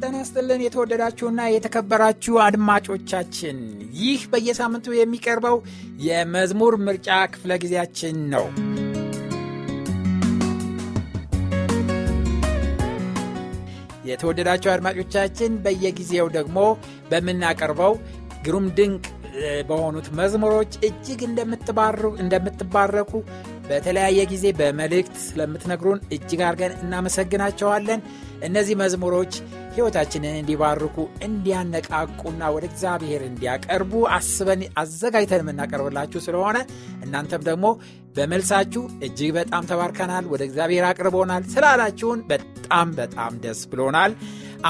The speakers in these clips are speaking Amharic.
ጤና ይስጥልን የተወደዳችሁና የተከበራችሁ አድማጮቻችን፣ ይህ በየሳምንቱ የሚቀርበው የመዝሙር ምርጫ ክፍለ ጊዜያችን ነው። የተወደዳችሁ አድማጮቻችን በየጊዜው ደግሞ በምናቀርበው ግሩም ድንቅ በሆኑት መዝሙሮች እጅግ እንደምትባረኩ በተለያየ ጊዜ በመልእክት ስለምትነግሩን እጅግ አድርገን እናመሰግናቸዋለን። እነዚህ መዝሙሮች ሕይወታችንን እንዲባርኩ እንዲያነቃቁና ወደ እግዚአብሔር እንዲያቀርቡ አስበን አዘጋጅተን የምናቀርብላችሁ ስለሆነ እናንተም ደግሞ በመልሳችሁ እጅግ በጣም ተባርከናል፣ ወደ እግዚአብሔር አቅርቦናል ስላላችሁን በጣም በጣም ደስ ብሎናል።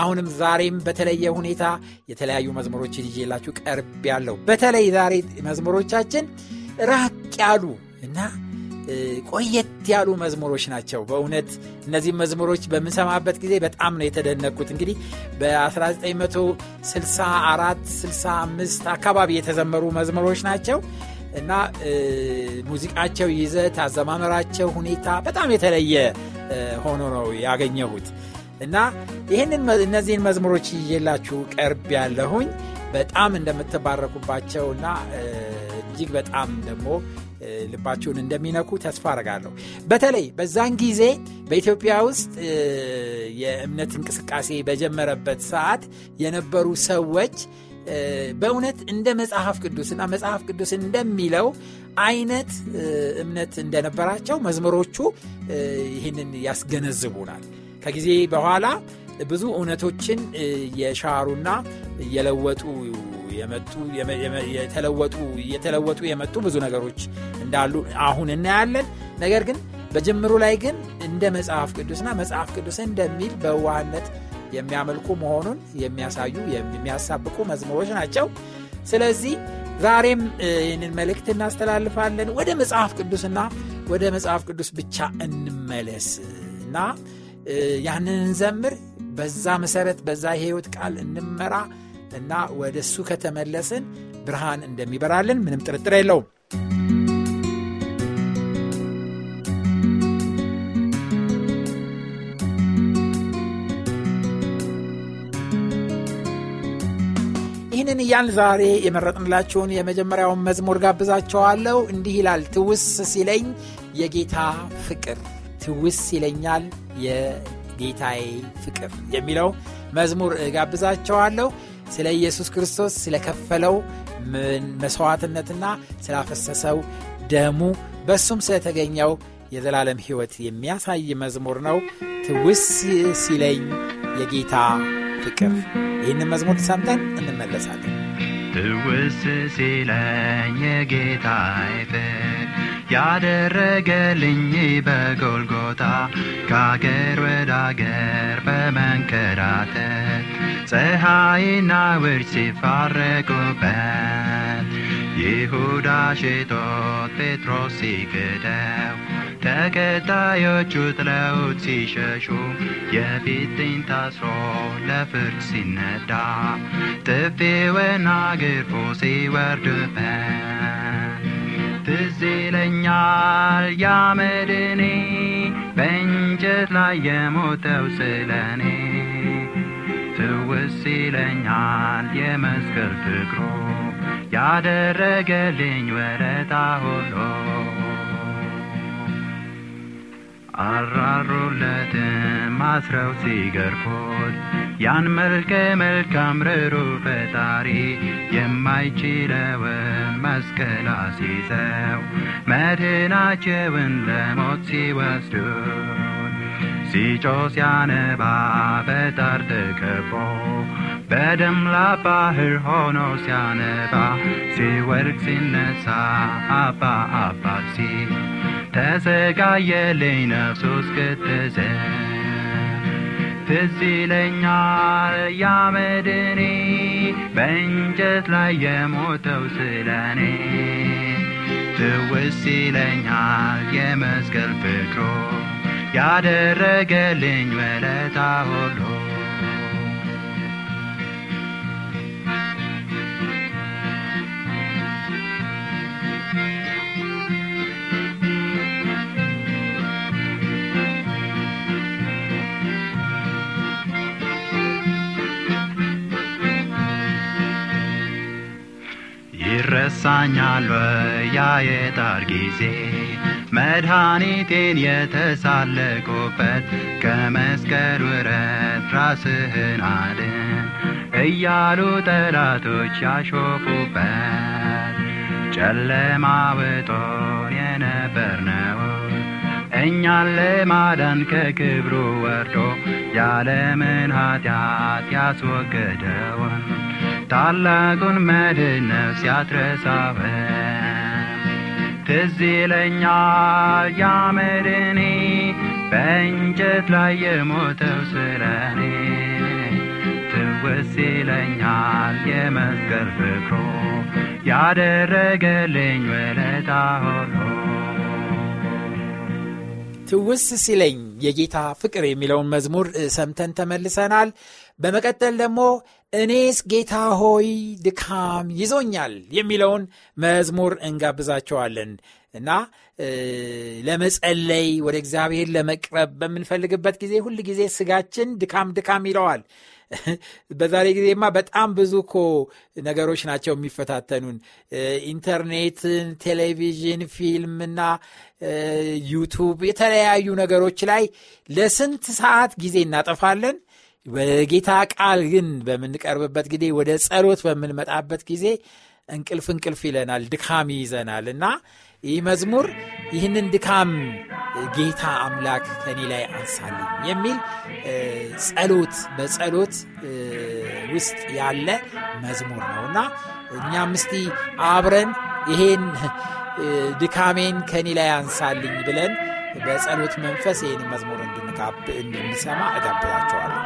አሁንም ዛሬም በተለየ ሁኔታ የተለያዩ መዝሙሮችን ይዤላችሁ ቀርብ ያለው በተለይ ዛሬ መዝሙሮቻችን ራቅ ያሉ እና ቆየት ያሉ መዝሙሮች ናቸው። በእውነት እነዚህ መዝሙሮች በምንሰማበት ጊዜ በጣም ነው የተደነቅኩት። እንግዲህ በ1964 65 አካባቢ የተዘመሩ መዝሙሮች ናቸው እና ሙዚቃቸው፣ ይዘት፣ አዘማመራቸው ሁኔታ በጣም የተለየ ሆኖ ነው ያገኘሁት እና ይህንን እነዚህን መዝሙሮች እየላችሁ ቀርብ ያለሁኝ በጣም እንደምትባረኩባቸው እና እጅግ በጣም ደግሞ ልባችሁን እንደሚነኩ ተስፋ አረጋለሁ። በተለይ በዛን ጊዜ በኢትዮጵያ ውስጥ የእምነት እንቅስቃሴ በጀመረበት ሰዓት የነበሩ ሰዎች በእውነት እንደ መጽሐፍ ቅዱስና መጽሐፍ ቅዱስ እንደሚለው አይነት እምነት እንደነበራቸው መዝሙሮቹ ይህንን ያስገነዝቡናል። ከጊዜ በኋላ ብዙ እውነቶችን የሻሩና የለወጡ የመጡ የተለወጡ የመጡ ብዙ ነገሮች እንዳሉ አሁን እናያለን። ነገር ግን በጅምሩ ላይ ግን እንደ መጽሐፍ ቅዱስና መጽሐፍ ቅዱስ እንደሚል በዋህነት የሚያመልኩ መሆኑን የሚያሳዩ የሚያሳብቁ መዝሙሮች ናቸው። ስለዚህ ዛሬም ይህንን መልእክት እናስተላልፋለን። ወደ መጽሐፍ ቅዱስና ወደ መጽሐፍ ቅዱስ ብቻ እንመለስ እና ያንን እንዘምር። በዛ መሰረት በዛ የህይወት ቃል እንመራ። እና ወደ እሱ ከተመለስን ብርሃን እንደሚበራልን ምንም ጥርጥር የለውም ይህንን እያን ዛሬ የመረጥንላችሁን የመጀመሪያውን መዝሙር ጋብዛቸዋለሁ እንዲህ ይላል ትውስ ሲለኝ የጌታ ፍቅር ትውስ ይለኛል የጌታዬ ፍቅር የሚለው መዝሙር ጋብዛቸዋለሁ ስለ ኢየሱስ ክርስቶስ ስለከፈለው መስዋዕትነትና ስላፈሰሰው ደሙ በእሱም ስለተገኘው የዘላለም ሕይወት የሚያሳይ መዝሙር ነው። ትውስ ሲለኝ የጌታ ፍቅር። ይህንን መዝሙር ሰምተን እንመለሳለን። ትውስ ሲለኝ የጌታ ፍቅር ያደረገልኝ በጎልጎታ ከአገር ወደ አገር በመንከራተት ፀሐይና ውርጭ ሲፋረቁበት ይሁዳ ሽጦት ጴጥሮስ ሲክደው ተከታዮቹ ጥለውት ሲሸሹ የፊጥኝ ታስሮ ለፍርድ ሲነዳ ጥፌውና ግርፎ ሲወርድበት ትዝ ይለኛል ያመድኔ በእንጨት ላይ የሞተው ስለኔ ትውስ ይለኛል የመስቀል ፍቅሩ ያደረገልኝ ወረታ ሆኖ አራሩለትም አስረው ሲገርፎት ያን መልከ መልካም ርሩ ፈጣሪ የማይችለውን መስቀል አስይዘው መድህናቸውን ለሞት ሲወስዱ ሲጮ ሲያነባ በጣር ተከቦ በደም ላባህር ሆኖ ሲያነባ ሲወርቅ ሲነሳ አባ አባት ሲ ተሰቃየልኝ ነፍሱ እስክትዘን ትዝ ይለኛል ያመድኔ በእንጨት ላይ የሞተው ስለኔ ትውስ ይለኛል የመስቀል ፍቅሮ ያደረገልኝ ወለታ ሁሉ ይረሳኛል ያ ጊዜ መድኃኒቴን የተሳለቁበት ከመስቀል ውረት ራስህን አድን እያሉ ጠላቶች ያሾፉበት ጨለማ ውጦን ነው። እኛን ለማዳን ከክብሩ ወርዶ ያለምን ኃጢአት ያስወገደውን ታላቁን መድነው ሲያትረሳበ ትዝ ይለኛል ያ መድኔ በእንጨት ላይ የሞተው ስለኔ ትውስ ይለኛል የመስቀል ፍቅሮ ያደረገልኝ ወለታ ሆኖ ትውስ ሲለኝ የጌታ ፍቅር የሚለውን መዝሙር ሰምተን ተመልሰናል። በመቀጠል ደግሞ እኔስ ጌታ ሆይ ድካም ይዞኛል የሚለውን መዝሙር እንጋብዛቸዋለን እና ለመጸለይ ወደ እግዚአብሔር ለመቅረብ በምንፈልግበት ጊዜ ሁል ጊዜ ስጋችን ድካም ድካም ይለዋል። በዛሬ ጊዜማ በጣም ብዙ ኮ ነገሮች ናቸው የሚፈታተኑን። ኢንተርኔትን፣ ቴሌቪዥን፣ ፊልምና ዩቱብ የተለያዩ ነገሮች ላይ ለስንት ሰዓት ጊዜ እናጠፋለን። በጌታ ቃል ግን በምንቀርብበት ጊዜ ወደ ጸሎት በምንመጣበት ጊዜ እንቅልፍ እንቅልፍ ይለናል፣ ድካም ይይዘናል እና ይህ መዝሙር ይህንን ድካም ጌታ አምላክ ከኔ ላይ አንሳልኝ የሚል ጸሎት በጸሎት ውስጥ ያለ መዝሙር ነው እና እኛም እስቲ አብረን ይሄን ድካሜን ከኔ ላይ አንሳልኝ ብለን በጸሎት መንፈስ ይህን መዝሙር እንድንሰማ እጋብዛቸዋለሁ።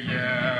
yeah.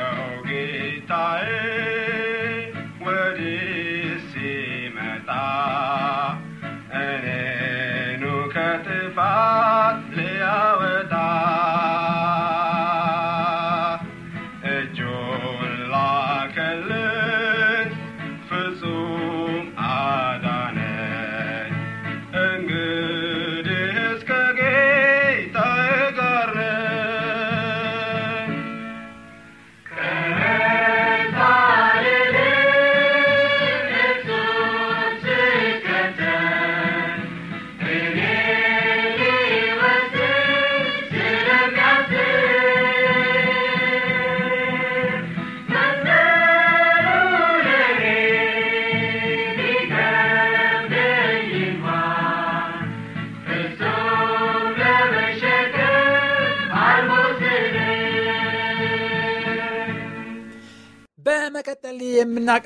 በመቀጠል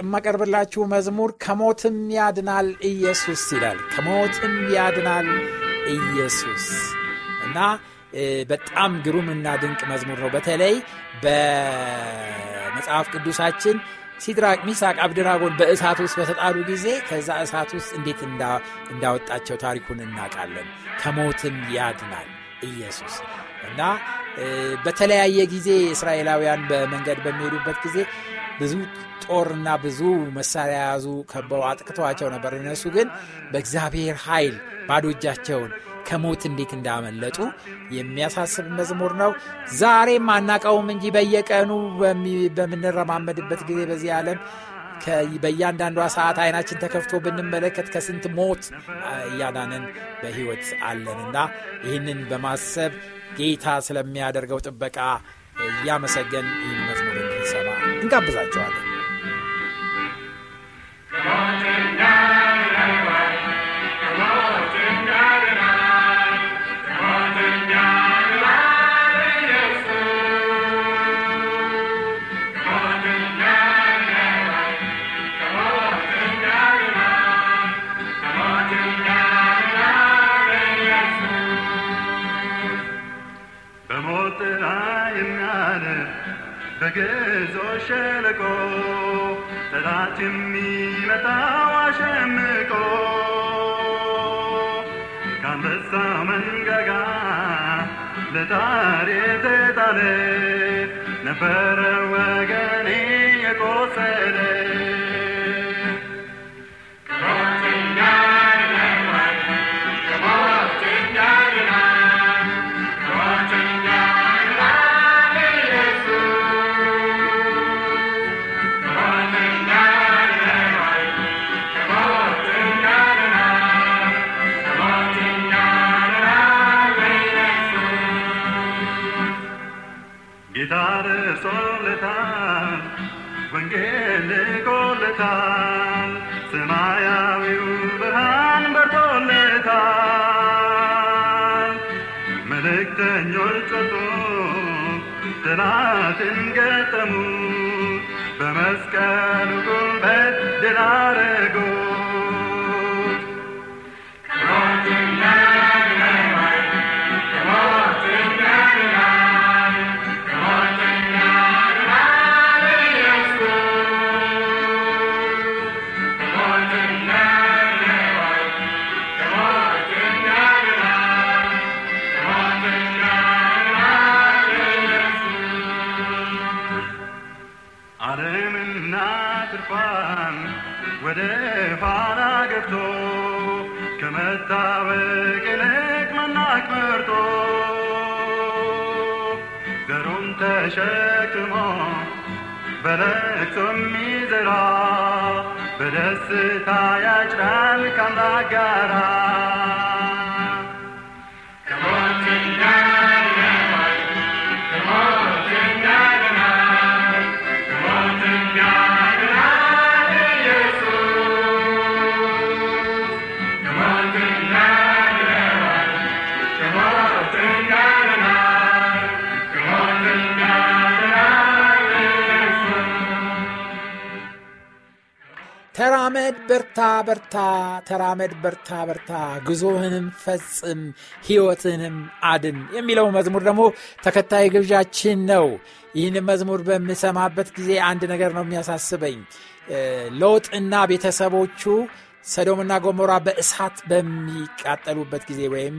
የማቀርብላችሁ መዝሙር ከሞትም ያድናል ኢየሱስ ይላል። ከሞትም ያድናል ኢየሱስ እና በጣም ግሩም እና ድንቅ መዝሙር ነው። በተለይ በመጽሐፍ ቅዱሳችን ሲድራቅ ሚሳቅ አብድራጎን በእሳት ውስጥ በተጣሉ ጊዜ ከዛ እሳት ውስጥ እንዴት እንዳወጣቸው ታሪኩን እናውቃለን። ከሞትም ያድናል ኢየሱስ እና በተለያየ ጊዜ እስራኤላውያን በመንገድ በሚሄዱበት ጊዜ ብዙ ጦርና ብዙ መሳሪያ የያዙ ከበው አጥቅተዋቸው ነበር። እነሱ ግን በእግዚአብሔር ኃይል ባዶ እጃቸውን ከሞት እንዴት እንዳመለጡ የሚያሳስብ መዝሙር ነው። ዛሬም አናቀውም እንጂ በየቀኑ በምንረማመድበት ጊዜ በዚህ ዓለም በእያንዳንዷ ሰዓት አይናችን ተከፍቶ ብንመለከት ከስንት ሞት እያዳንን በሕይወት አለንና ይህንን በማሰብ ጌታ ስለሚያደርገው ጥበቃ እያመሰገን እንጋብዛቸዋለን። በግዞ ሸለቆ ጠላት የሚመጣው አሸምቆ ከአንበሳ መንጋጋ ለጣር ተጣለ ነበረ ወገን Gönül gurbet ተራመድ በርታ በርታ ተራመድ በርታ በርታ ጉዞህንም ፈጽም ሕይወትህንም አድን የሚለው መዝሙር ደግሞ ተከታይ ግብዣችን ነው። ይህን መዝሙር በምሰማበት ጊዜ አንድ ነገር ነው የሚያሳስበኝ። ሎጥና ቤተሰቦቹ ሰዶምና ጎሞራ በእሳት በሚቃጠሉበት ጊዜ ወይም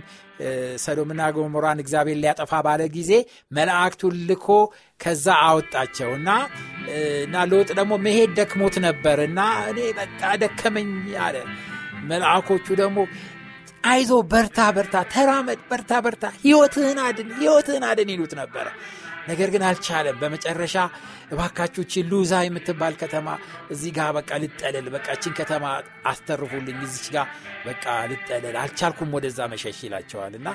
ሰዶምና ገሞራን እግዚአብሔር ሊያጠፋ ባለ ጊዜ መላእክቱን ልኮ ከዛ አወጣቸው እና እና ሎጥ ደግሞ መሄድ ደክሞት ነበር እና እኔ በቃ ደከመኝ አለ። መልአኮቹ ደግሞ አይዞ በርታ በርታ፣ ተራመድ፣ በርታ በርታ፣ ህይወትህን አድን፣ ህይወትህን አድን ይሉት ነበረ። ነገር ግን አልቻለም። በመጨረሻ እባካችሁ ሉዛ የምትባል ከተማ እዚህ ጋር በቃ ልጠለል፣ በቃችን ከተማ አስተርፉልኝ፣ እዚች ጋር በቃ ልጠለል፣ አልቻልኩም ወደዛ መሸሽ ይላቸዋል። እና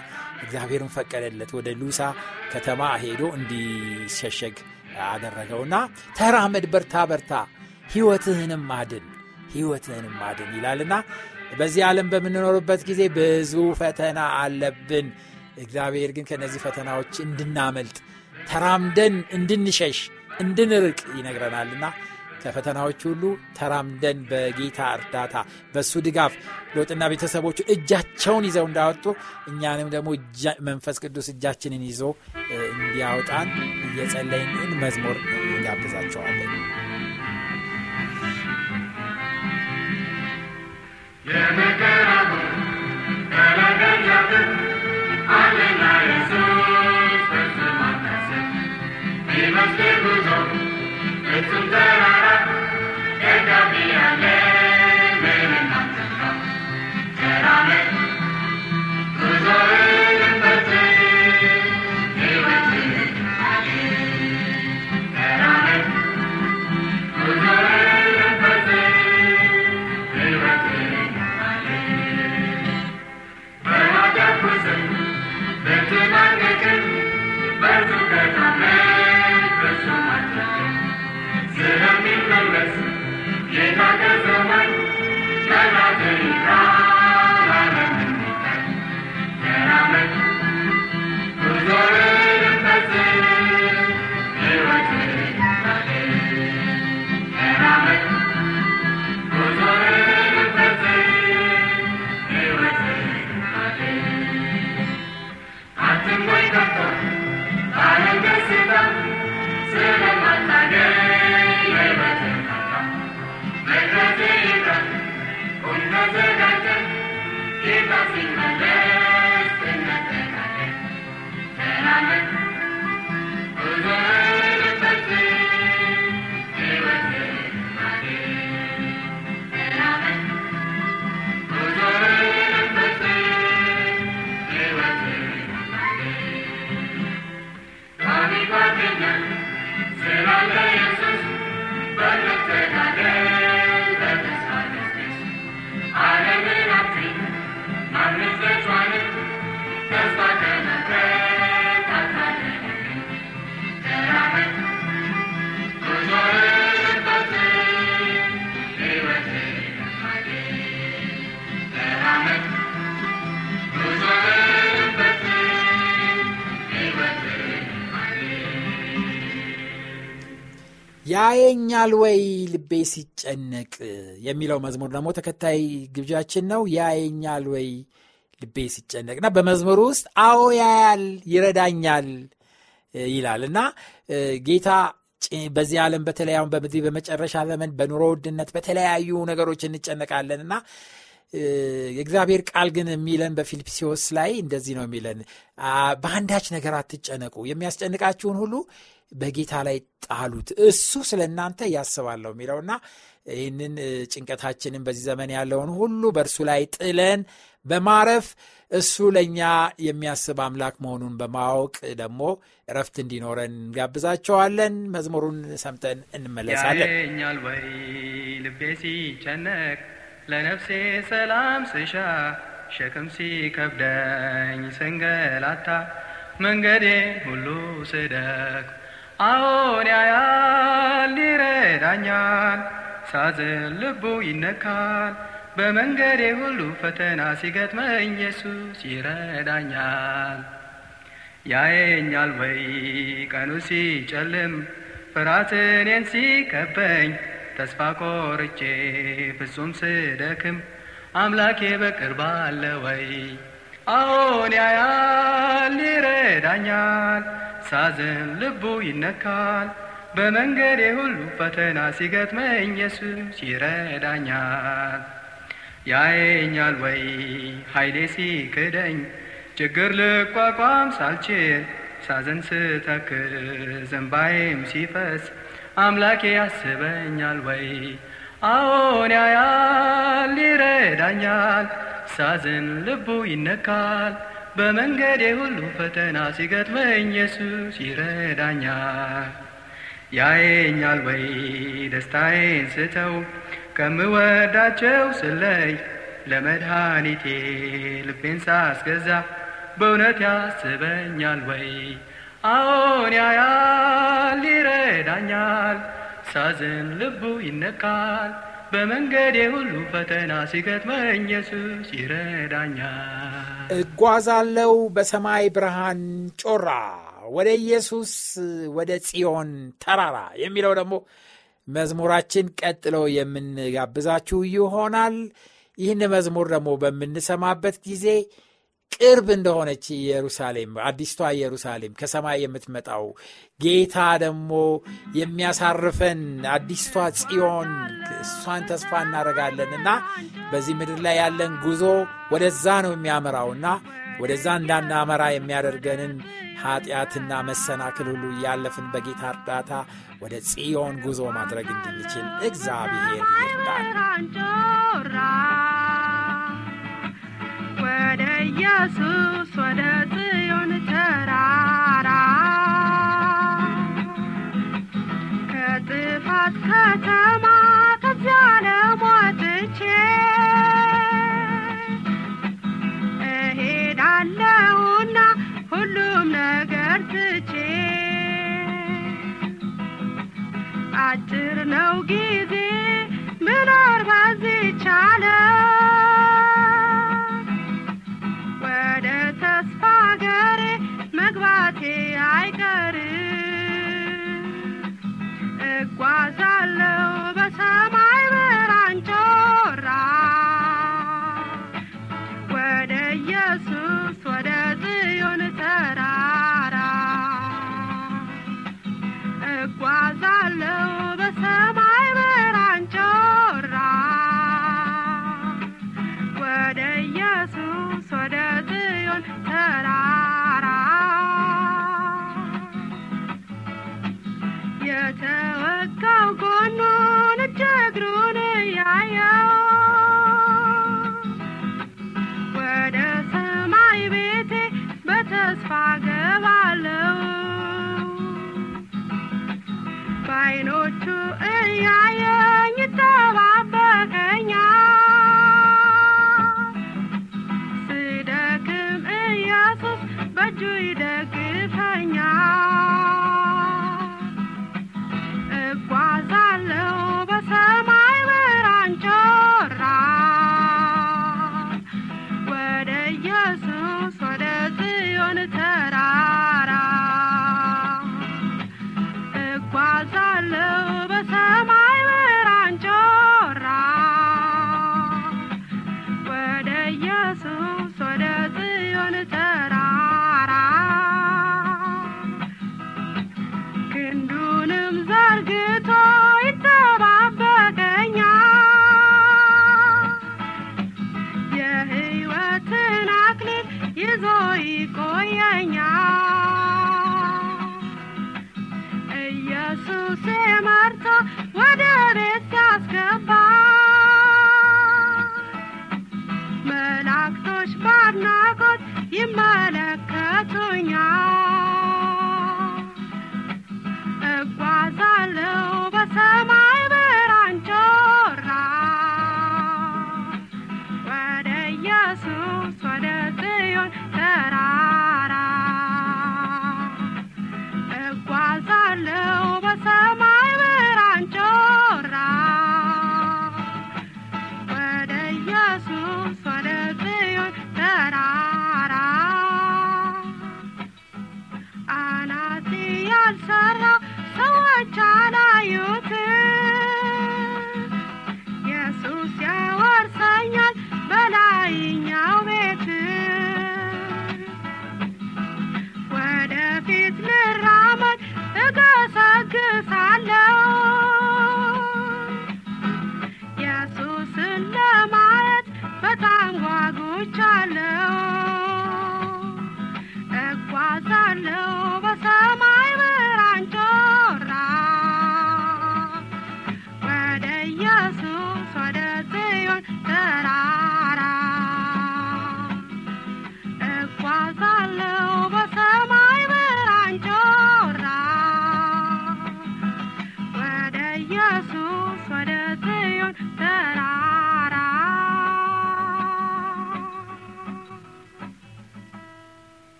እግዚአብሔርን ፈቀደለት ወደ ሉሳ ከተማ ሄዶ እንዲሸሸግ አደረገውና ተራመድ፣ በርታ በርታ፣ ህይወትህንም አድን ህይወትህንም አድን ይላልና በዚህ ዓለም በምንኖርበት ጊዜ ብዙ ፈተና አለብን። እግዚአብሔር ግን ከእነዚህ ፈተናዎች እንድናመልጥ ተራምደን እንድንሸሽ እንድንርቅ ይነግረናልና ከፈተናዎች ሁሉ ተራምደን በጌታ እርዳታ በሱ ድጋፍ ሎጥና ቤተሰቦቹ እጃቸውን ይዘው እንዳወጡ እኛንም ደግሞ መንፈስ ቅዱስ እጃችንን ይዞ እንዲያወጣን እየጸለይን መዝሙር እንጋብዛቸዋለን። ያየኛል ወይ ልቤ ሲጨነቅ የሚለው መዝሙር ደግሞ ተከታይ ግብዣችን ነው። ያየኛል ወይ ልቤ ሲጨነቅና በመዝሙሩ ውስጥ አዎ ያያል ይረዳኛል ይላል እና ጌታ በዚህ ዓለም በተለያዩ በምድ በመጨረሻ ዘመን በኑሮ ውድነት በተለያዩ ነገሮች እንጨነቃለን እና የእግዚአብሔር ቃል ግን የሚለን በፊልፕሲዎስ ላይ እንደዚህ ነው የሚለን በአንዳች ነገር አትጨነቁ የሚያስጨንቃችሁን ሁሉ በጌታ ላይ ጣሉት እሱ ስለ እናንተ ያስባለሁ የሚለውና ይህንን ጭንቀታችንን በዚህ ዘመን ያለውን ሁሉ በእርሱ ላይ ጥለን በማረፍ እሱ ለእኛ የሚያስብ አምላክ መሆኑን በማወቅ ደግሞ እረፍት እንዲኖረን እንጋብዛቸዋለን። መዝሙሩን ሰምተን እንመለሳለን። ወይ ልቤ ሲጨነቅ ለነፍሴ ሰላም ስሻ ሸክም ሲከብደኝ ስንገላታ መንገዴ ሁሉ ስደቅ ይረዳኛል፣ ልቡ ይነካል። በመንገዴ ሁሉ ፈተና ሲገጥመኝ ኢየሱስ ይረዳኛል። ያየኛል ወይ ቀኑ ሲጨልም ፍራትኔን ሲከበኝ ተስፋ ቆርቼ ፍጹም ስደክም አምላኬ በቅርባለ አለ ወይ? አዎን ያያል ይረዳኛል ሳዘን ልቡ ይነካል። በመንገዴ ሁሉ ፈተና ሲገጥመኝ ኢየሱስ ይረዳኛል። ያየኛል ወይ ኃይሌ ሲክደኝ ችግር ልቋቋም ሳልችል ሳዘን ስተክ ዘንባዬም ሲፈስ አምላኬ ያስበኛል ወይ አዎን ያያል ይረዳኛል። ሳዘን ልቡ ይነካል በመንገዴ ሁሉ ፈተና ሲገጥመኝ ኢየሱስ ይረዳኛል። ያየኛል ወይ ደስታዬን ስተው ከምወዳቸው ስለይ ለመድኃኒቴ ልቤን ሳስገዛ በእውነት ያስበኛል ወይ? አዎን ያያል፣ ይረዳኛል። ሳዝን ልቡ ይነካል። በመንገዴ ሁሉ ፈተና ሲገጥመኝ ኢየሱስ ይረዳኛል። እጓዛለው በሰማይ ብርሃን ጮራ ወደ ኢየሱስ ወደ ጽዮን ተራራ የሚለው ደግሞ መዝሙራችን ቀጥሎ የምንጋብዛችሁ ይሆናል። ይህን መዝሙር ደግሞ በምንሰማበት ጊዜ ቅርብ እንደሆነች ኢየሩሳሌም አዲስቷ ኢየሩሳሌም ከሰማይ የምትመጣው ጌታ ደግሞ የሚያሳርፈን አዲስቷ ጽዮን እሷን ተስፋ እናደርጋለን እና በዚህ ምድር ላይ ያለን ጉዞ ወደዛ ነው የሚያመራውና ወደዛ እንዳናመራ የሚያደርገንን ኃጢአትና መሰናክል ሁሉ እያለፍን በጌታ እርዳታ ወደ ጽዮን ጉዞ ማድረግ እንድንችል እግዚአብሔር ይርዳል። ወደ ኢየሱስ ወደ ጽዮን ተራራ ከጥፋት ከተማ Georgia. Yes. Oh,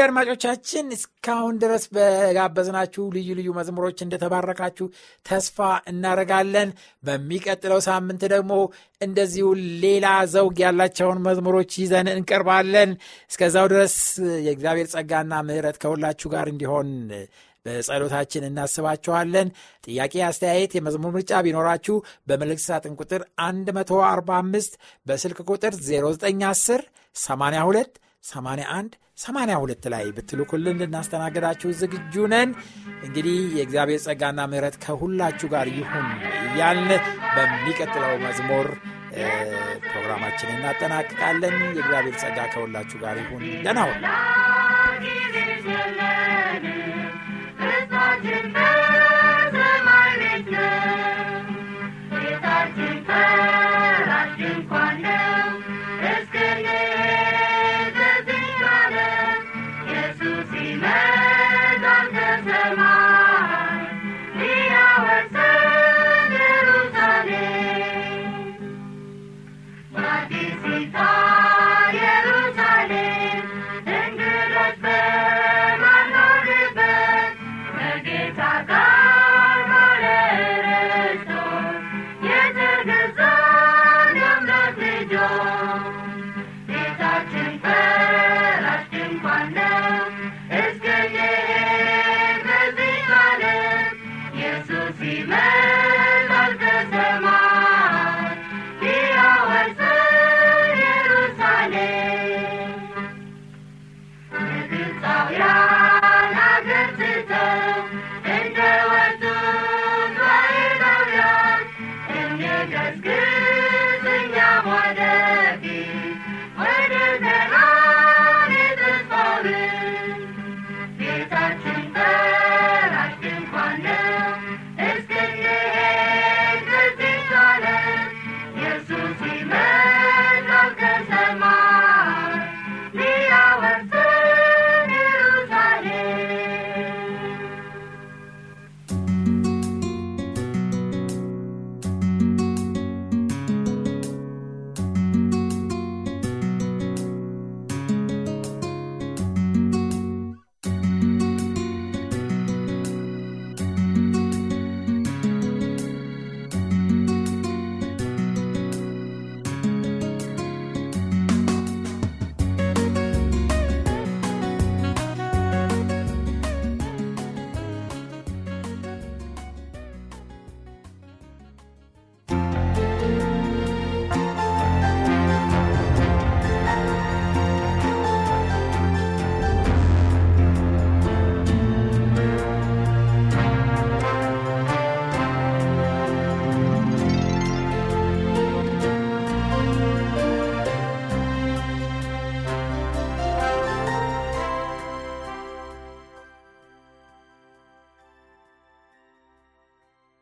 እንግዲህ አድማጮቻችን እስካሁን ድረስ በጋበዝናችሁ ልዩ ልዩ መዝሙሮች እንደተባረካችሁ ተስፋ እናደርጋለን። በሚቀጥለው ሳምንት ደግሞ እንደዚሁ ሌላ ዘውግ ያላቸውን መዝሙሮች ይዘን እንቀርባለን። እስከዛው ድረስ የእግዚአብሔር ጸጋና ምህረት ከሁላችሁ ጋር እንዲሆን በጸሎታችን እናስባችኋለን። ጥያቄ፣ አስተያየት፣ የመዝሙር ምርጫ ቢኖራችሁ በመልእክት ሳጥን ቁጥር 145 በስልክ ቁጥር 0910 82 81 82 ላይ ብትልኩልን ልናስተናግዳችሁ ዝግጁ ነን። እንግዲህ የእግዚአብሔር ጸጋና ምሕረት ከሁላችሁ ጋር ይሁን እያልን በሚቀጥለው መዝሙር ፕሮግራማችንን እናጠናቅቃለን። የእግዚአብሔር ጸጋ ከሁላችሁ ጋር ይሁን። ደህና ሁኑ።